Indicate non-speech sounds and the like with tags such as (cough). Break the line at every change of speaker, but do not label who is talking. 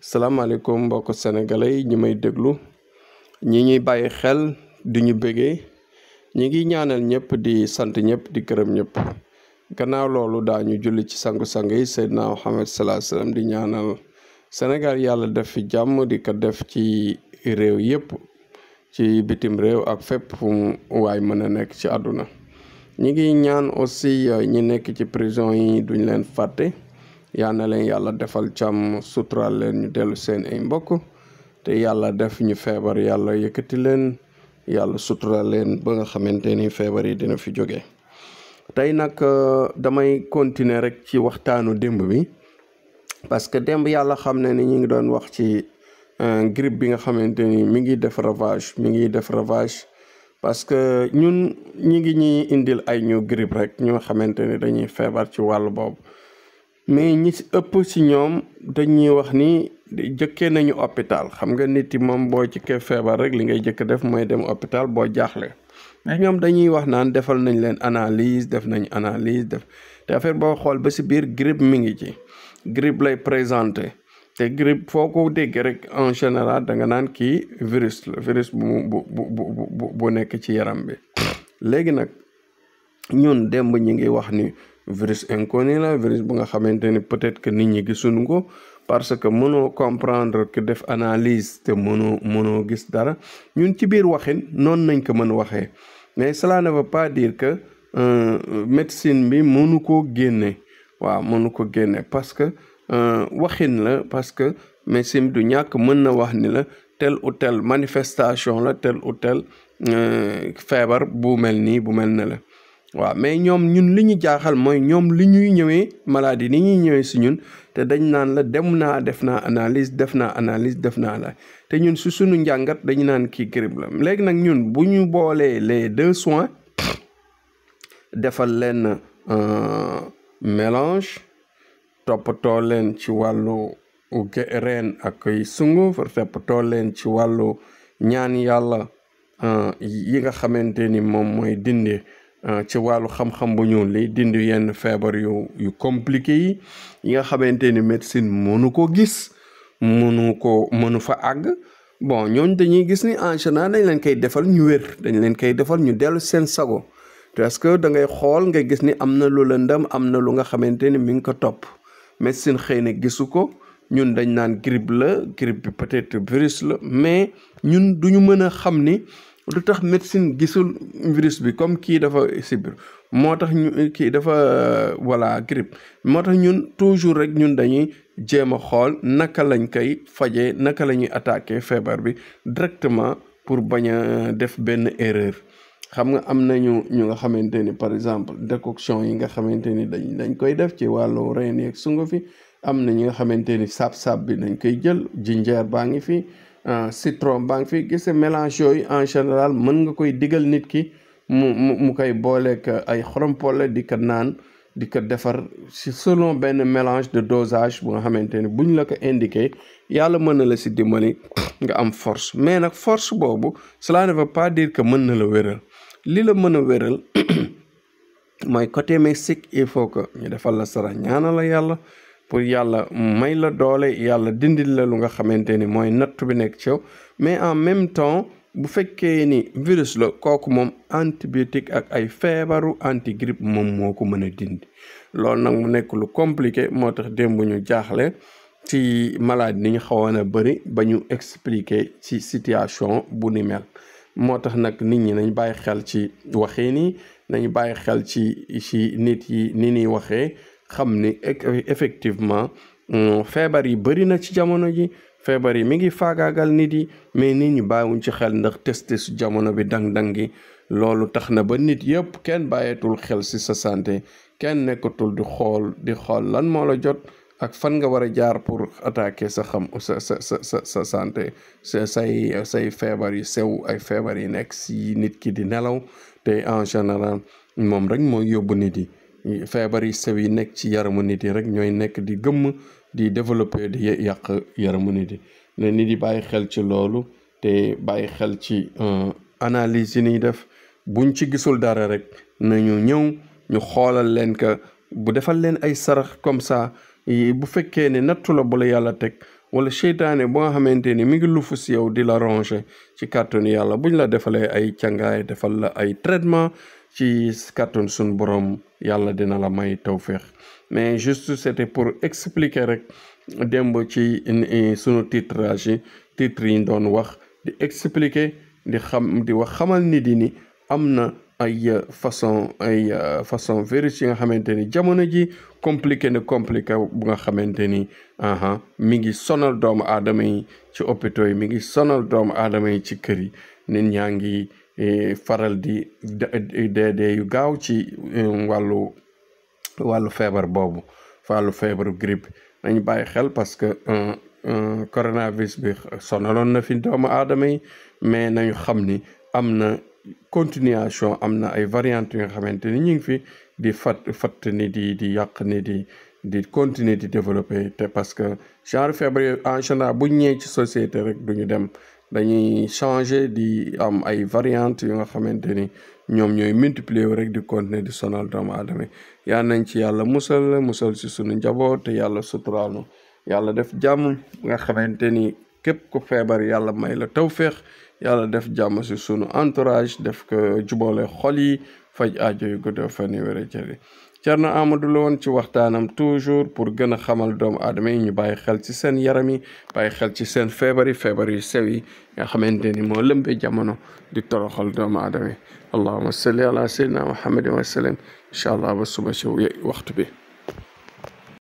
salaamaaleykum mbokk sénégalais ñi may déglu ñi ñuy bàyyi xel di ñu bëggee ñi ngi ñaanal ñëpp di sant ñëpp di gërëm ñëpp gannaaw loolu daañu julli ci sangu sangu yi Seydina Muhammad salaa di ñaanal senegal yàlla def fi jàmm di ko def ci réew yëpp ci bitim réew ak fépp waay mën a nekk ci àdduna ñi ngi ñaan aussi euh, ñi nekk ci prison yi duñ leen fàtte yal na leen yàlla defal jàmm suturaal leen ñu dellu seen ay mbokk te yàlla def ñu feebar yàlla yëkkati leen yàlla suturaal leen ba nga xamante ni feebar yi dina fi jóge tey nag euh, damay continuer rek ci waxtaanu démb bi parce que démb yàlla xam ne ni ñu ngi doon wax ci euh, grippe bi nga xamante ni mi ngi def ravage mi ngi def ravage parce que ñun ñi ngi ñuy indil ay ñu grippe rek ñoo xamante ni dañuy feebar ci wàll boobu mais ñi si ëpp si ñoom dañuy wax ni jëkkee nañu hôpital xam nga nit yi moom boo jëkkee feebar rek li ngay jëkk def mooy dem hôpital boo jaaxle mais ñoom dañuy wax naan defal nañ leen analyse def nañu analyse def te affaire boo xool ba si biir grippe mi ngi ci grippe lay présenté te grippe foo ko dégg rek en général da nga naan kii virus la virus bu bu bu bu nekk ci yaram bi léegi nag ñun démb ñi ngi wax ni virus inconnu la virus bu nga xamante ni peut-être que nit ñi gisuñu ko parce que mënoo comprendre que def analyse te mënoo mënoo gis dara ñun ci biir waxin noonu nañ ko mën waxee mais cela ne veut pas dire que euh, médecine bi mënu koo génne waaw mënu ko génne parce que euh, waxin la parce que médecine du ñàkk mën na wax ni la tel ou manifestation la tel ou euh, feebar bu mel nii bu mel ne la waaw mais ñoom ñun li ñu jaaxal mooy ñoom li ñuy ñëwee maladie ni ñuy ñëwee si ñun te dañ naan la dem naa def naa analyse def naa analyse def naa la te ñun su suñu njàngat dañu naan kii grippe la léegi nag ñun bu ñu boolee les deux soins defal leen euh, mélange toppatoo leen ci wàllu reen ak sunguf toppatoo leen ci wàllu ñaan yàlla euh, yi nga xamante ni moom mooy dindee Euh, ci wàllu xam-xam bu ñu li dindi yenn feebar yu yu compliqué yi yi nga xamante ni médecine mënu ko gis mënu ko mënu fa àgg bon ñooñ dañuy gis ni en général dañ leen koy defal ñu wér dañ leen koy defal ñu dellu seen sago parce que da ngay xool nga gis ni am na lu ndam am na lu nga xamante ni mi ngi ko topp médecine xëy na gisu ko ñun dañ naan grippe la grippe bi peut-être virus la mais ñun duñu mën a xam ni lu tax médecine gisul virus bi comme kii dafa sibir moo tax ñu kii dafa euh, voilà grippe moo tax ñun toujours rek ñun dañuy jéem a xool naka lañ koy faje naka la ñuy attaquer feebar bi directement pour bañ a def benn erreur xam nga am nañu ñu nga xamante ni par exemple décoction yi nga xamante ni dañ dañ koy def ci wàllu reen ak sungu fi am na ñi nga xamante ni saab-saab bi dañ koy jël jinjeer baa ngi fi. Euh, citron baa ngi fi gise mélange yooyu en général mën nga koy digal nit ki mu mu mu koy booleeg euh, ay xorompole di ko naan di ko defar si selon benn mélange de dosage bu nga xamante ni buñ la ko indiqué yàlla mën na la si dimmali nga am force mais nag force boobu cela ne veut pas dire que mën na la wéral li la mën a wéral (coughs) mooy côté mystique il faut que ñu defal la sara ñaana la yàlla pour yalla may la doole yalla dindil la lu nga xamanteni moy mooy natt bi nek ci mais en même temps bu fekkee ni virus la kooku moom antibiotique ak ay feebaru antigrippe moom moo ko mën a dindi loolu nag mu nekk lu compliqué moo tax démb ñu jaaxle ci malade ni ñu xawoon a bëri ba ñu expliquer ci situation bu ni mel moo tax nag nit ñi nañ bàyyi xel ci waxin yi nañ bàyyi xel ci ci nit yi ni ni waxee xam ni effectivement mm, feebar yi bëri na ci jamono ji feebar yi mi ngi faagaagal nit yi mais nit ñi bàyyiwuñ ci xel ndax testé su jamono bi dang-dang gi loolu tax na ba nit yëpp kenn bàyyeetul xel si sa santé kenn nekkatul di xool di xool lan moo la jot ak fan nga war a jaar pour attaquer sa xam sa sa sa sa sa santé say say feebar yu sew ay feebar yi nekk si nit ki di nelaw te en général moom rek mooy yóbbu nit yi feebar yi sew yi nekk ci yaramu nit yi rek ñooy nekk di gëmm di développé di yàq yaramu nit yi ne nit yi bàyyi xel ci loolu te bàyyi xel ci euh, analyse yi ñuy def bu buñ ci gisul dara rek nañu ñëw ñu xoolal leen que bu defal leen ay sarax comme sa bu fekkee ne nattu la bu la yàlla teg wala seytaane bu nga xamante ni mi ngi lufu si yow di la ranger ci kàttanu yàlla buñ la defalee ay cangaay defal la ay traitement ci kàttan sun borom yàlla dina la may tawféex mais juste c'était pour expliquer rek démb ci sunu titrage titre yi doon wax di expliquer di xam di wax xamal nit yi ni ay euh, façon ay euh, façon virus yi nga xamante ni jamono ji compliqué na compliqué bu nga xamante ni aha mi ngi sonal doomu aadama yi ci hôpitaux yi mi ngi sonal doomu aadama yi ci kër yi nit ñaa ngi eh, faral di deedee yu gaaw ci eh, wàllu wàllu feebar boobu wàllu feebaru grippe nañ bàyyi xel parce que coronavirus bi sonaloon na fi doomu aadama yi mais nañu xam ni am na continuation am na ay variantes yu nga xamante ni ñu ngi fi di fat fatt ni di di yàq ni di di continuer di développer te parce que genre feebar yooyu en général ñëwee ci société rek du dem dañuy changer di am ay variantes yu nga xamante ni ñoom ñooy multiplier rek di continuer di sonal doomu aadama yaa nañ ci yàlla musal musal si sunu njaboot te yàlla suturaanu yàlla def jàmm nga xamante ni képp ko feebar yàlla may la tawféex yàlla def jàmm si sunu entourage def ko juboole xol yi faj aajo yu gudd fan yu wér jëri Cerno la woon ci waxtaanam toujours pour gën a xamal doomu aadama yi ñu bàyyi xel ci seen yaram yi bàyyi xel ci seen feebar yi feebar yu sew yi nga xamante ni moo lëmbee jamono di toroxal doomu aadama yi allahuma salli ala sayyidina muhammadin wa sallam incha allah ba suba si waxtu bi